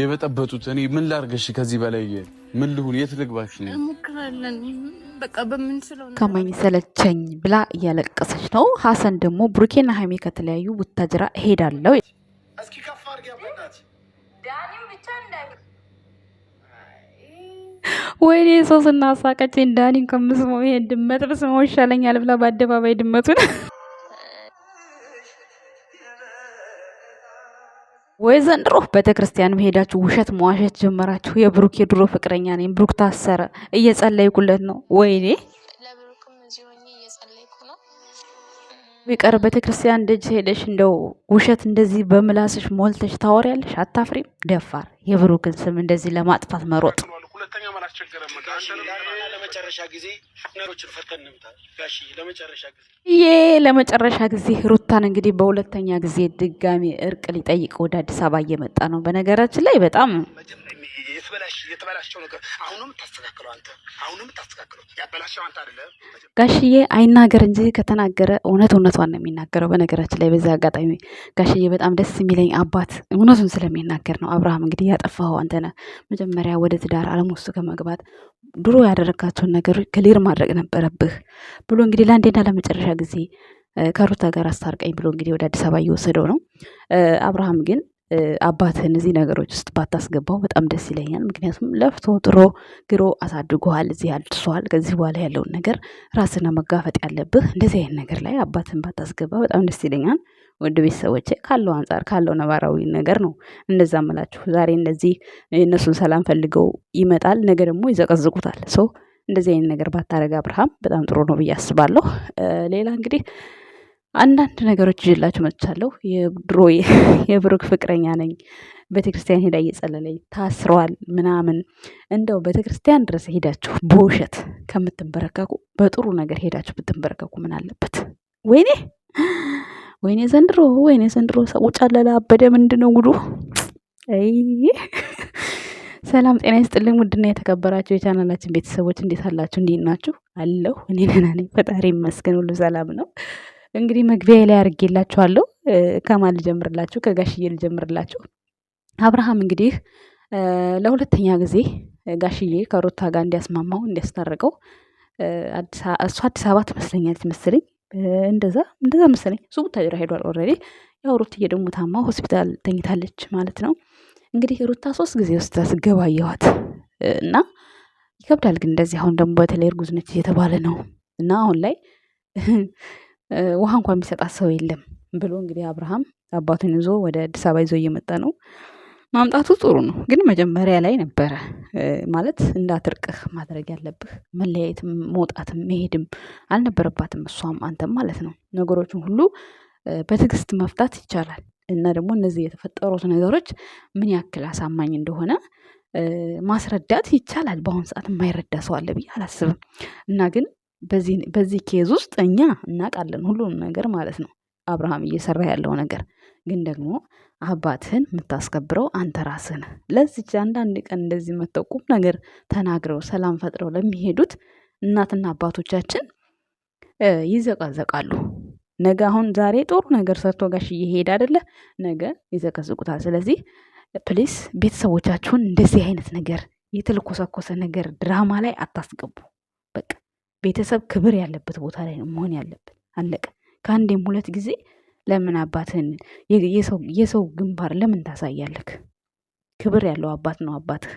የበጠበጡት እኔ ምን ላርገሽ? ከዚህ በላይ ምን ልሁን? የት ልግባሽ? እንሞክራለን ከማኝ ሰለቸኝ ብላ እያለቀሰች ነው። ሀሰን ደግሞ ብሩኬና ሀይሜ ከተለያዩ ቡታጅራ እሄዳለሁ ወይኔ ሶስና ሳቀችኝ። ዳኒን ከምስሞ ይሄ ድመት ብስሞ ይሻለኛል ብላ በአደባባይ ድመቱን ወይ ዘንድሮ ቤተ ክርስቲያን መሄዳችሁ ውሸት መዋሸት ጀመራችሁ። የብሩክ የድሮ ፍቅረኛ ነኝ፣ ብሩክ ታሰረ፣ እየጸለይኩለት ነው። ወይኔ ቢቀር ቤተ ክርስቲያን ደጅ ሄደሽ እንደው ውሸት እንደዚህ በምላስሽ ሞልተሽ ታወሪያለሽ። አታፍሪም? ደፋር የብሩክን ስም እንደዚህ ለማጥፋት መሮጥ ሁለተኛ ማን አስቸገረ? ለመጨረሻ ጊዜ ነሮችን ፈተን ጋሺ፣ ለመጨረሻ ጊዜ ይሄ ለመጨረሻ ጊዜ ሩታን እንግዲህ በሁለተኛ ጊዜ ድጋሚ እርቅ ሊጠይቅ ወደ አዲስ አበባ እየመጣ ነው። በነገራችን ላይ በጣም የተበላሽ የተበላሸው ነገር ታስተካክለው አንተ ታስተካክለው። ያበላሸው አንተ አይደለም። ጋሽዬ አይናገር እንጂ ከተናገረ እውነት እውነቷን ነው የሚናገረው። በነገራችን ላይ በዚህ አጋጣሚ ጋሽዬ በጣም ደስ የሚለኝ አባት እውነቱን ስለሚናገር ነው። አብርሃም እንግዲህ ያጠፋኸው አንተ ነህ። መጀመሪያ ወደ ትዳር አለም ውስጥ ከመግባት ድሮ ያደረጋቸውን ነገሮች ክሊር ማድረግ ነበረብህ ብሎ እንግዲህ ለአንዴና ለመጨረሻ ጊዜ ከሩታ ጋር አስታርቀኝ ብሎ እንግዲህ ወደ አዲስ አበባ እየወሰደው ነው። አብርሃም ግን አባትህን እዚህ ነገሮች ውስጥ ባታስገባው በጣም ደስ ይለኛል። ምክንያቱም ለፍቶ ጥሮ ግሮ አሳድጎሃል፣ እዚህ አድርሷል። ከዚህ በኋላ ያለውን ነገር ራስና መጋፈጥ ያለብህ እንደዚህ አይነት ነገር ላይ አባትህን ባታስገባ በጣም ደስ ይለኛል። ወደ ቤተሰቦቼ ካለው አንጻር ካለው ነባራዊ ነገር ነው እንደዛ ምላችሁ ዛሬ እንደዚህ የእነሱን ሰላም ፈልገው ይመጣል፣ ነገ ደግሞ ይዘቀዝቁታል። ሶ እንደዚህ አይነት ነገር ባታረግ አብርሃም በጣም ጥሩ ነው ብዬ አስባለሁ። ሌላ እንግዲህ አንዳንድ ነገሮች ይዤላችሁ መጥቻለሁ። የድሮ የብሩክ ፍቅረኛ ነኝ፣ ቤተክርስቲያን ሄዳ እየጸለለኝ ታስሯል ምናምን። እንደው ቤተክርስቲያን ድረስ ሄዳችሁ በውሸት ከምትንበረከኩ በጥሩ ነገር ሄዳችሁ ብትንበረከኩ ምን አለበት? ወይኔ ወይኔ ዘንድሮ ወይኔ ዘንድሮ ሰው ጨለላ አበደ። ምንድን ነው ጉዱ? ሰላም ጤና ይስጥልኝ። ውድና የተከበራችሁ የቻናላችን ቤተሰቦች እንዴት አላችሁ? እንዴት ናችሁ? አለሁ እኔ ደህና ነኝ፣ ፈጣሪ ይመስገን፣ ሁሉ ሰላም ነው። እንግዲህ መግቢያ ላይ አድርጌላችኋለሁ። ከማን ልጀምርላችሁ? ከጋሽዬ ልጀምርላችሁ። አብርሃም እንግዲህ ለሁለተኛ ጊዜ ጋሽዬ ከሩታ ጋር እንዲያስማማው እንዲያስታርቀው እሱ አዲስ አበባ ትመስለኛለች መሰለኝ እንደዛ እንደዛ መሰለኝ እሱ ቡታጅራ ሄዷል። ኦልሬዲ ያው ሩትዬ ደግሞ ታማ ሆስፒታል ተኝታለች ማለት ነው። እንግዲህ ሩታ ሶስት ጊዜ ውስጥ ስገባ አየኋት እና ይከብዳል። ግን እንደዚህ አሁን ደግሞ በተለይ እርጉዝ ነች እየተባለ ነው እና አሁን ላይ ውሃ እንኳን የሚሰጣት ሰው የለም ብሎ እንግዲህ አብርሃም አባቱን ይዞ ወደ አዲስ አበባ ይዞ እየመጣ ነው። ማምጣቱ ጥሩ ነው፣ ግን መጀመሪያ ላይ ነበረ ማለት እንዳትርቅህ ማድረግ ያለብህ መለያየትም መውጣትም መሄድም አልነበረባትም። እሷም አንተም ማለት ነው። ነገሮችን ሁሉ በትዕግስት መፍታት ይቻላል። እና ደግሞ እነዚህ የተፈጠሩት ነገሮች ምን ያክል አሳማኝ እንደሆነ ማስረዳት ይቻላል። በአሁኑ ሰዓት የማይረዳ ሰው አለ ብዬ አላስብም። እና ግን በዚህ ኬዝ ውስጥ እኛ እናውቃለን ሁሉንም ነገር ማለት ነው። አብርሃም እየሰራ ያለው ነገር ግን ደግሞ አባትህን የምታስከብረው አንተ ራስህ ነህ። ለዚች አንዳንድ ቀን እንደዚህ መተው ቁም ነገር ተናግረው ሰላም ፈጥረው ለሚሄዱት እናትና አባቶቻችን ይዘቀዘቃሉ። ነገ አሁን ዛሬ ጥሩ ነገር ሰርቶ ጋሽ እየሄድ አይደለ ነገ ይዘቀዝቁታል። ስለዚህ ፕሊስ ቤተሰቦቻችሁን እንደዚህ አይነት ነገር የተልኮሰኮሰ ነገር ድራማ ላይ አታስገቡ። በቃ ቤተሰብ ክብር ያለበት ቦታ ላይ ነው መሆን ያለብን። አለቀ። ከአንዴም ሁለት ጊዜ ለምን አባትህን የሰው ግንባር ለምን ታሳያለህ? ክብር ያለው አባት ነው አባትህ።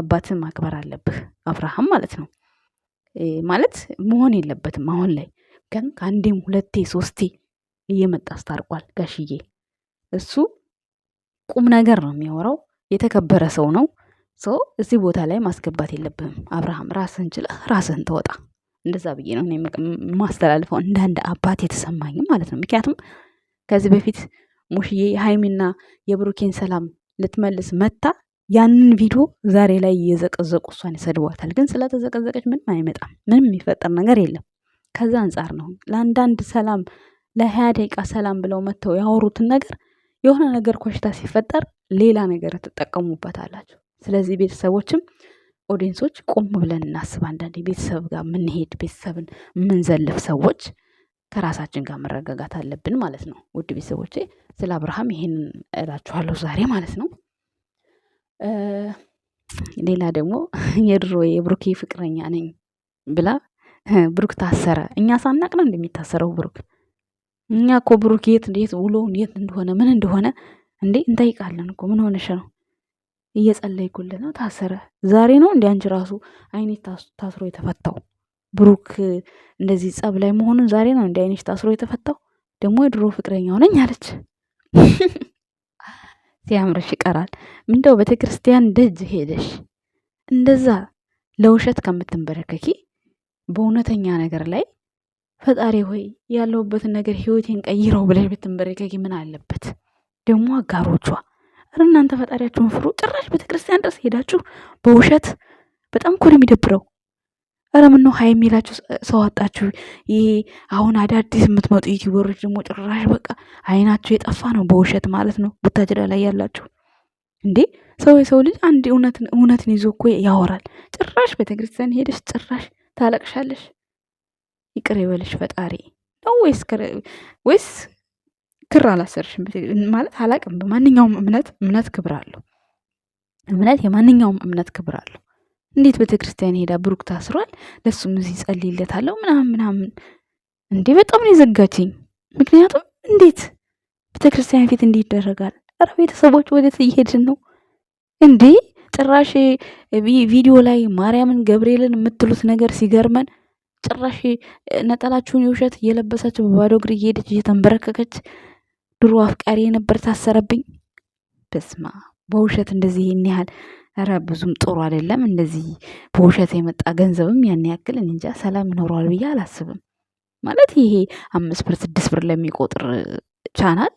አባትህ ማክበር አለብህ። አብርሃም ማለት ነው ማለት መሆን የለበትም አሁን ላይ ግን ከአንዴም ሁለቴ ሶስቴ እየመጣ አስታርቋል ጋሽዬ። እሱ ቁም ነገር ነው የሚያወራው። የተከበረ ሰው ነው። ሰው እዚህ ቦታ ላይ ማስገባት የለብህም አብርሃም። ራስህን ችለህ ራስህን ተወጣ። እንደዛ ብዬ ነው ማስተላልፈው እንደ አባት የተሰማኝ ማለት ነው። ምክንያቱም ከዚህ በፊት ሙሽዬ የሀይሚና የብሩኬን ሰላም ልትመልስ መታ ያንን ቪዲዮ ዛሬ ላይ እየዘቀዘቁ እሷን ይሰድቧታል። ግን ስለተዘቀዘቀች ምንም አይመጣም፣ ምንም የሚፈጠር ነገር የለም። ከዛ አንጻር ነው ለአንዳንድ ሰላም ለሀያ ደቂቃ ሰላም ብለው መጥተው ያወሩትን ነገር የሆነ ነገር ኮሽታ ሲፈጠር ሌላ ነገር ትጠቀሙበታላችሁ። ስለዚህ ቤተሰቦችም ኦዲንሶች ቆም ብለን እናስብ። አንዳንዴ ቤተሰብ ጋር ምንሄድ ቤተሰብን የምንዘልፍ ሰዎች ከራሳችን ጋር መረጋጋት አለብን ማለት ነው። ውድ ቤተሰቦቼ ስለ አብርሃም ይሄንን እላችኋለሁ ዛሬ ማለት ነው። ሌላ ደግሞ የድሮ የብሩኬ ፍቅረኛ ነኝ ብላ ብሩክ ታሰረ። እኛ ሳናቅ ነው እንደሚታሰረው ብሩክ። እኛ እኮ ብሩክ የት የት ውሎ የት እንደሆነ ምን እንደሆነ እንዴ እንጠይቃለን እኮ ምን ሆነሽ ነው እየጸለይኩልህ ነው። ታሰረ ዛሬ ነው እንዲ አንቺ ራሱ አይኔ ታስሮ የተፈታው ብሩክ እንደዚህ ጸብ ላይ መሆኑን ዛሬ ነው እንዲ አይንሽ ታስሮ የተፈታው ደግሞ የድሮ ፍቅረኛው ነኝ አለች። ሲያምርሽ ይቀራል። ምንደው ቤተ ክርስቲያን ደጅ ሄደሽ እንደዛ ለውሸት ከምትንበረከኪ በእውነተኛ ነገር ላይ ፈጣሪ ሆይ ያለሁበትን ነገር ህይወቴን ቀይረው ብለሽ ብትንበረከኪ ምን አለበት? ደግሞ አጋሮቿ እናንተ ፈጣሪያችሁን ፍሩ። ጭራሽ ቤተ ክርስቲያን ድረስ ሄዳችሁ በውሸት በጣም እኮ ነው የሚደብረው። ኧረ ምነው ሀይ የሚላችሁ ሰው አጣችሁ። ይሄ አሁን አዳዲስ የምትመጡ ዩቲዩበሮች ደግሞ ጭራሽ በቃ አይናችሁ የጠፋ ነው በውሸት ማለት ነው። ቡታጅራ ላይ ያላችሁ እንዴ ሰው የሰው ልጅ አንድ እውነትን ይዞ እኮ ያወራል። ጭራሽ ቤተክርስቲያን ሄደሽ ጭራሽ ታለቅሻለሽ። ይቅር ይበልሽ ፈጣሪ ነው ወይስ ክር አላሰርሽም ማለት አላቅም። በማንኛውም እምነት እምነት ክብር አለው። እምነት የማንኛውም እምነት ክብር አለው። እንዴት ቤተ ክርስቲያን ሄዳ ብሩክ ታስሯል፣ ለሱ እዚህ ጸልይለታለሁ ምናምን ምናምን እንዴ! በጣም ነው የዘጋችኝ። ምክንያቱም እንዴት ቤተ ክርስቲያን ፊት እንዲህ ይደረጋል? ኧረ ቤተሰቦች ወዴት እየሄድን ነው እንዴ? ጭራሽ ቪዲዮ ላይ ማርያምን ገብርኤልን የምትሉት ነገር ሲገርመን ጭራሽ ነጠላችሁን የውሸት እየለበሰች በባዶ እግር እየሄደች እየተንበረከከች ድሮ አፍቃሪ የነበር ታሰረብኝ። በስማ በውሸት እንደዚህ ይህን ያህል ረ ብዙም ጥሩ አይደለም። እንደዚህ በውሸት የመጣ ገንዘብም ያን ያክል እንጃ ሰላም ይኖረዋል ብዬ አላስብም። ማለት ይሄ አምስት ብር ስድስት ብር ለሚቆጥር ቻናል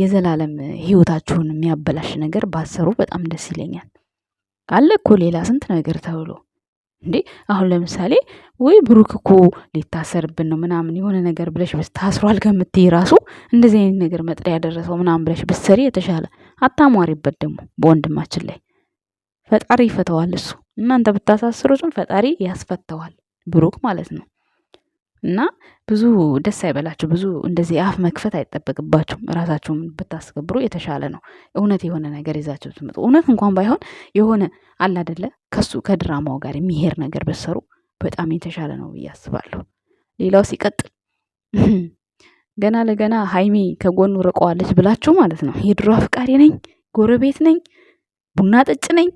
የዘላለም ህይወታችሁን የሚያበላሽ ነገር ባሰሩ በጣም ደስ ይለኛል። አለ እኮ ሌላ ስንት ነገር ተብሎ እንዴ አሁን ለምሳሌ ወይ ብሩክ እኮ ሊታሰርብን ነው ምናምን የሆነ ነገር ብለሽ ታስሯል ከምትይ ራሱ እንደዚህ አይነት ነገር መጥሪያ ያደረሰው ምናምን ብለሽ ብትሰሪ የተሻለ አታሟሪበት። ደግሞ በወንድማችን ላይ ፈጣሪ ይፈተዋል እሱ እናንተ ብታሳስሩትን ፈጣሪ ያስፈተዋል ብሩክ ማለት ነው። እና ብዙ ደስ አይበላችሁ፣ ብዙ እንደዚህ አፍ መክፈት አይጠበቅባችሁም። ራሳችሁን ብታስከብሩ የተሻለ ነው። እውነት የሆነ ነገር ይዛችሁ ትመጡ። እውነት እንኳን ባይሆን የሆነ አለ አይደለ ከሱ ከድራማው ጋር የሚሄድ ነገር በሰሩ በጣም የተሻለ ነው ብዬ አስባለሁ። ሌላው ሲቀጥል ገና ለገና ሀይሚ ከጎኑ ርቀዋለች ብላችሁ ማለት ነው የድሮ አፍቃሪ ነኝ፣ ጎረቤት ነኝ፣ ቡና ጠጭ ነኝ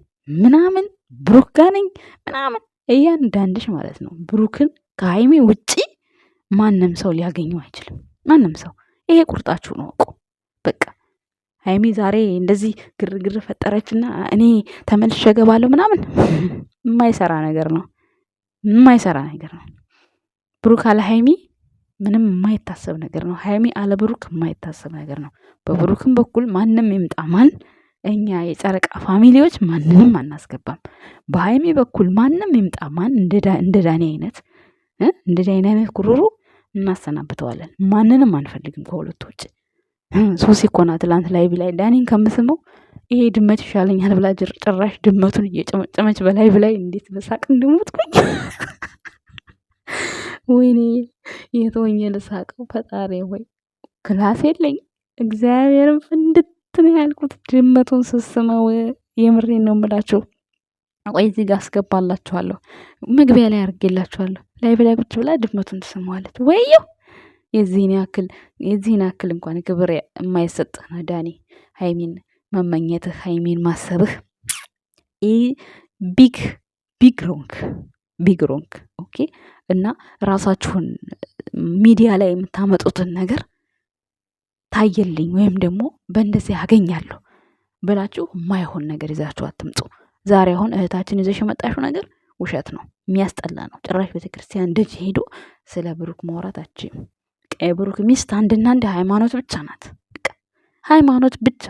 ምናምን ብሩክ ጋር ነኝ ምናምን እያንዳንድሽ ማለት ነው ብሩክን ከሀይሚ ውጪ ማንም ሰው ሊያገኘው አይችልም። ማንም ሰው ይሄ ነው። እወቁ። በቃ ሀይሚ ዛሬ እንደዚህ ግርግር ፈጠረችና እኔ ተመልሼ እገባለሁ ምናምን የማይሰራ ነገር ነው፣ የማይሰራ ነገር ነው። ብሩክ አለ ሀይሚ ምንም የማይታሰብ ነገር ነው። ሀይሚ አለ ብሩክ የማይታሰብ ነገር ነው። በብሩክም በኩል ማንም ይምጣ ማን እኛ የጨረቃ ፋሚሊዎች ማንንም አናስገባም። በሀይሚ በኩል ማንም ይምጣ ማን እንደ ዳኒ አይነት እንደ ዳኒ አይነት ኩሩሩ እናሰናብተዋለን። ማንንም አንፈልግም ከሁለት ውጭ። ሶሲ እኮ ናት ትላንት ላይ ብላይ ዳኒን ከምስመው ይሄ ድመት ይሻለኛል ብላ ጭራሽ ድመቱን እየጨመጨመች በላይ ብላይ እንዴት በሳቅ እንደሞትኩኝ ወይኔ የተወኘ ልሳቀው ፈጣሪ ወይ ክላስ የለኝ እግዚአብሔርም እንድትን ያልኩት ድመቱን ስስመው የምሬን ነው የምላችሁ። ቆይ እዚህ ጋር አስገባላችኋለሁ መግቢያ ላይ አድርጌላችኋለሁ። ላይ ላይ ቁጭ ብላ ድመቱን ትስመዋለች። ወየው የዚህን ያክል የዚህን ያክል እንኳን ግብር የማይሰጥ ነው ዳኒ። ሀይሚን መመኘትህ፣ ሀይሚን ማሰብህ ቢግ ቢግ ሮንግ ቢግ ሮንግ። ኦኬ እና ራሳችሁን ሚዲያ ላይ የምታመጡትን ነገር ታየልኝ ወይም ደግሞ በእንደዚህ ያገኛለሁ ብላችሁ የማይሆን ነገር ይዛችሁ አትምጡ። ዛሬ አሁን እህታችን ይዘሽ የመጣሽው ነገር ውሸት ነው፣ የሚያስጠላ ነው። ጭራሽ ቤተክርስቲያን ደጅ ሄዶ ስለ ብሩክ ማውራታችን ብሩክ ሚስት አንድና አንድ ሃይማኖት ብቻ ናት። ሃይማኖት ብቻ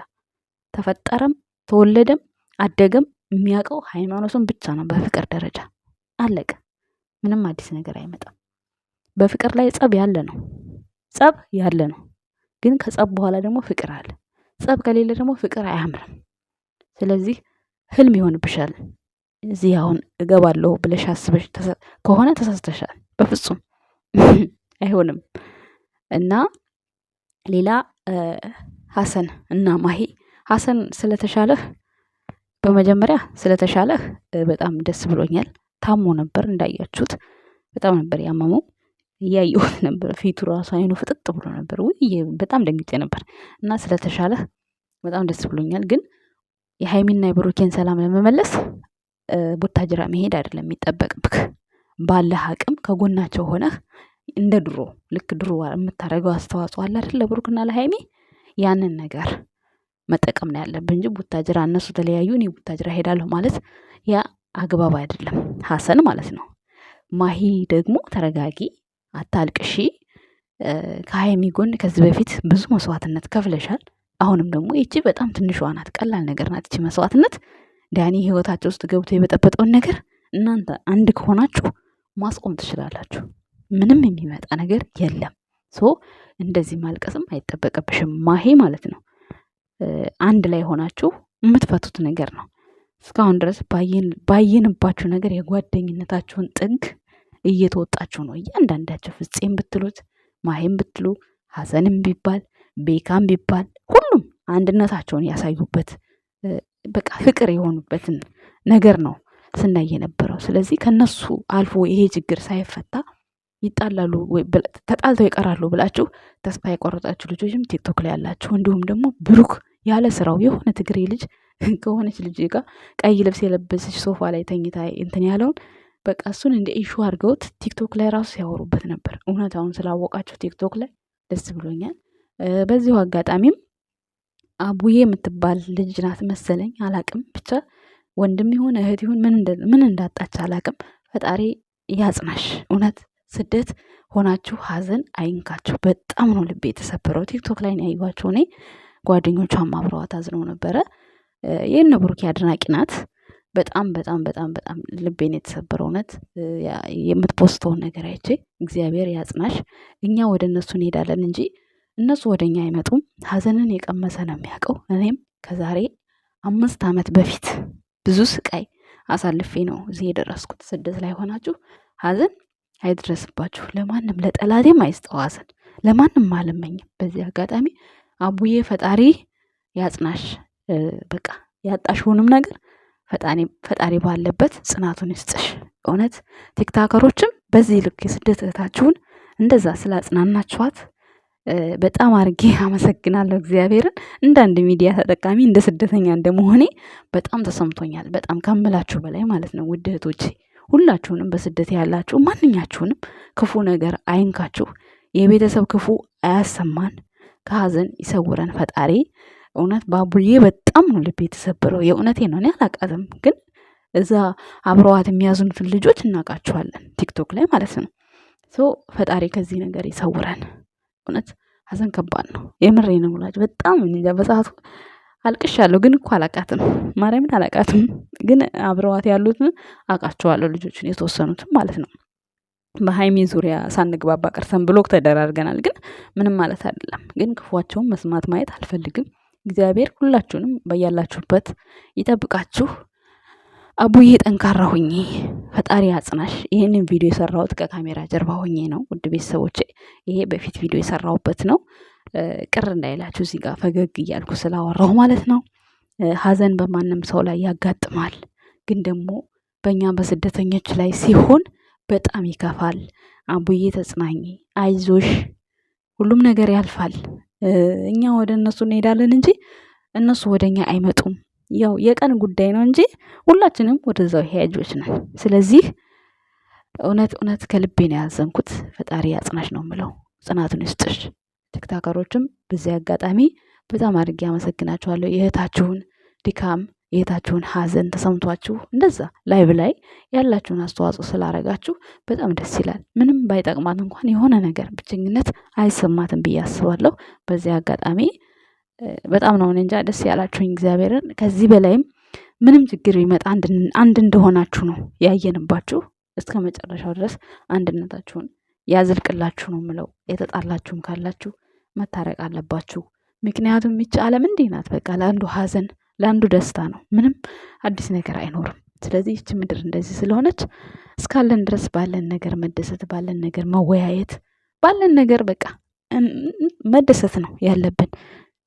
ተፈጠረም ተወለደም አደገም የሚያውቀው ሃይማኖቱን ብቻ ነው። በፍቅር ደረጃ አለቀ። ምንም አዲስ ነገር አይመጣም። በፍቅር ላይ ጸብ ያለ ነው፣ ጸብ ያለ ነው። ግን ከጸብ በኋላ ደግሞ ፍቅር አለ። ጸብ ከሌለ ደግሞ ፍቅር አያምርም። ስለዚህ ህልም ይሆንብሻል። እዚህ አሁን እገባለሁ ብለሽ አስበሽ ከሆነ ተሳስተሻል። በፍጹም አይሆንም። እና ሌላ ሀሰን እና ማሂ ሀሰን ስለተሻለህ በመጀመሪያ ስለተሻለህ በጣም ደስ ብሎኛል። ታሞ ነበር እንዳያችሁት፣ በጣም ነበር ያመመው። እያየሁት ነበር፣ ፊቱ ራሱ አይኑ ፍጥጥ ብሎ ነበር። ውይ በጣም ደንግጬ ነበር። እና ስለተሻለህ በጣም ደስ ብሎኛል ግን የሀይሚና የብሩኬን ሰላም ለመመለስ ቡታጅራ መሄድ አይደለም የሚጠበቅብክ። ባለህ አቅም ከጎናቸው ሆነህ እንደ ድሮ ልክ ድሮ የምታደርገው አስተዋጽኦ አለ አይደል ለብሩክና ለሀይሚ ያንን ነገር መጠቀም ነው ያለብን እንጂ ቡታጅራ እነሱ ተለያዩ እኔ ቡታጅራ ሄዳለሁ ማለት ያ አግባብ አይደለም፣ ሀሰን ማለት ነው። ማሂ ደግሞ ተረጋጊ፣ አታልቅሺ። ከሀይሚ ጎን ከዚህ በፊት ብዙ መስዋዕትነት ከፍለሻል። አሁንም ደግሞ ይቺ በጣም ትንሿ ናት፣ ቀላል ነገር ናት። ይቺ መስዋዕትነት ዳኒ ህይወታቸው ውስጥ ገብቶ የበጠበጠውን ነገር እናንተ አንድ ከሆናችሁ ማስቆም ትችላላችሁ። ምንም የሚመጣ ነገር የለም። ሶ እንደዚህ ማልቀስም አይጠበቅብሽም ማሄ ማለት ነው። አንድ ላይ ሆናችሁ የምትፈቱት ነገር ነው። እስካሁን ድረስ ባየንባችሁ ነገር የጓደኝነታችሁን ጥግ እየተወጣችሁ ነው እያንዳንዳቸው ፍፄም ብትሉት ማሄም ብትሉ ሀሰንም ቢባል ቤካም ቢባል ሁሉም አንድነታቸውን ያሳዩበት በቃ ፍቅር የሆኑበትን ነገር ነው ስናይ የነበረው። ስለዚህ ከነሱ አልፎ ይሄ ችግር ሳይፈታ ይጣላሉ ተጣልተው ይቀራሉ ብላችሁ ተስፋ የቆረጣችሁ ልጆችም ቲክቶክ ላይ ያላችሁ፣ እንዲሁም ደግሞ ብሩክ ያለ ስራው የሆነ ትግሬ ልጅ ከሆነች ልጅ ጋር ቀይ ልብስ የለበሰች ሶፋ ላይ ተኝታ እንትን ያለውን በቃ እሱን እንደ ኢሹ አድርገውት ቲክቶክ ላይ ራሱ ሲያወሩበት ነበር። እውነታውን ስላወቃቸው ቲክቶክ ላይ ደስ ብሎኛል። በዚሁ አጋጣሚም አቡዬ የምትባል ልጅ ናት መሰለኝ አላቅም ብቻ ወንድም ይሁን እህት ይሁን ምን እንዳጣች አላቅም። ፈጣሪ ያጽናሽ። እውነት ስደት ሆናችሁ ሀዘን አይንካችሁ። በጣም ነው ልቤ የተሰበረው። ቲክቶክ ላይ ያዩዋቸው እኔ ጓደኞቿም አብረዋት አዝነው ነበረ። ይህን ብሩኬ አድናቂ ናት። በጣም በጣም በጣም በጣም ልቤን የተሰበረ እውነት የምትፖስተውን ነገር አይቼ እግዚአብሔር ያጽናሽ። እኛ ወደ እነሱ እንሄዳለን እንጂ እነሱ ወደ እኛ አይመጡም። ሀዘንን የቀመሰ ነው የሚያውቀው። እኔም ከዛሬ አምስት ዓመት በፊት ብዙ ስቃይ አሳልፌ ነው እዚህ የደረስኩት። ስደት ላይ ሆናችሁ ሀዘን አይድረስባችሁ። ለማንም ለጠላቴም አይስጠው ሀዘን ለማንም አልመኝም። በዚህ አጋጣሚ አቡዬ ፈጣሪ ያጽናሽ። በቃ ያጣሽውንም ነገር ፈጣሪ ባለበት ጽናቱን ይስጥሽ። እውነት ቲክታከሮችም በዚህ ልክ የስደት እህታችሁን እንደዛ ስላጽናናችኋት በጣም አድርጌ አመሰግናለሁ እግዚአብሔርን። እንደ አንድ ሚዲያ ተጠቃሚ እንደ ስደተኛ እንደመሆኔ በጣም ተሰምቶኛል። በጣም ከምላችሁ በላይ ማለት ነው። ውድ እህቶቼ ሁላችሁንም በስደት ያላችሁ ማንኛችሁንም ክፉ ነገር አይንካችሁ። የቤተሰብ ክፉ አያሰማን፣ ከሀዘን ይሰውረን ፈጣሪ። እውነት ባቡዬ በጣም ነው ልቤ የተሰበረው። የእውነቴ ነው። እኔ አላቃትም፣ ግን እዛ አብረዋት የሚያዝኑትን ልጆች እናውቃችኋለን፣ ቲክቶክ ላይ ማለት ነው። ሶ ፈጣሪ ከዚህ ነገር ይሰውረን። እውነት ሀዘን ከባድ ነው። የምሬ ነው ብላችሁ በጣም እንጃ በሰዓቱ አልቅሻለሁ። ግን እኮ አላቃትም ማርያምን አላቃትም። ግን አብረዋት ያሉትን አውቃቸዋለሁ ልጆችን የተወሰኑትን ማለት ነው። በሀይሚ ዙሪያ ሳንግባባ ቀርተን ብሎክ ተደራርገናል። ግን ምንም ማለት አይደለም። ግን ክፏቸውን መስማት ማየት አልፈልግም። እግዚአብሔር ሁላችሁንም በያላችሁበት ይጠብቃችሁ። አቡዬ ጠንካራ ሁኚ፣ ፈጣሪ አጽናሽ። ይህንን ቪዲዮ የሰራሁት ከካሜራ ጀርባ ሆኜ ነው። ውድ ቤተሰቦች ይሄ በፊት ቪዲዮ የሰራሁበት ነው። ቅር እንዳይላችሁ እዚህ ጋር ፈገግ እያልኩ ስላወራሁ ማለት ነው። ሀዘን በማንም ሰው ላይ ያጋጥማል፣ ግን ደግሞ በእኛ በስደተኞች ላይ ሲሆን በጣም ይከፋል። አቡዬ ተጽናኝ፣ አይዞሽ፣ ሁሉም ነገር ያልፋል። እኛ ወደ እነሱ እንሄዳለን እንጂ እነሱ ወደ እኛ አይመጡም። ያው የቀን ጉዳይ ነው እንጂ ሁላችንም ወደዛው ሄያጆች ነን። ስለዚህ እውነት እውነት ከልቤ ነው ያዘንኩት። ፈጣሪ ያጽናሽ ነው የምለው፣ ጽናቱን ይስጥሽ። ቲክታከሮችም በዚህ አጋጣሚ በጣም አድርጌ አመሰግናችኋለሁ። የእህታችሁን ድካም የእህታችሁን ሀዘን ተሰምቷችሁ እንደዛ ላይብ ላይ ያላችሁን አስተዋጽኦ ስላረጋችሁ በጣም ደስ ይላል። ምንም ባይጠቅማት እንኳን የሆነ ነገር ብቸኝነት አይሰማትም ብዬ አስባለሁ። በዚህ አጋጣሚ በጣም ነው እንጃ ደስ ያላችሁኝ። እግዚአብሔርን ከዚህ በላይም ምንም ችግር ቢመጣ አንድ እንደሆናችሁ ነው ያየንባችሁ። እስከ መጨረሻው ድረስ አንድነታችሁን ያዝልቅላችሁ ነው ምለው። የተጣላችሁም ካላችሁ መታረቅ አለባችሁ። ምክንያቱም ይች ዓለም እንዲህ ናት። በቃ ለአንዱ ሀዘን ለአንዱ ደስታ ነው። ምንም አዲስ ነገር አይኖርም። ስለዚህ ይች ምድር እንደዚህ ስለሆነች እስካለን ድረስ ባለን ነገር መደሰት፣ ባለን ነገር መወያየት፣ ባለን ነገር በቃ መደሰት ነው ያለብን።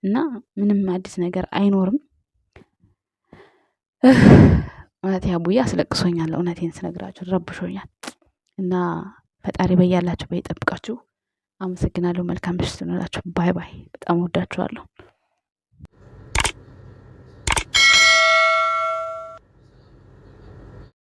እና ምንም አዲስ ነገር አይኖርም። እውነት ያቡዬ አስለቅሶኛል። እውነቴን ስነግራችሁ ረብሾኛል። እና ፈጣሪ በያላችሁ በይጠብቃችሁ። አመሰግናለሁ። መልካም ምሽት እንላችሁ። ባይ ባይ። በጣም ወዳችኋለሁ።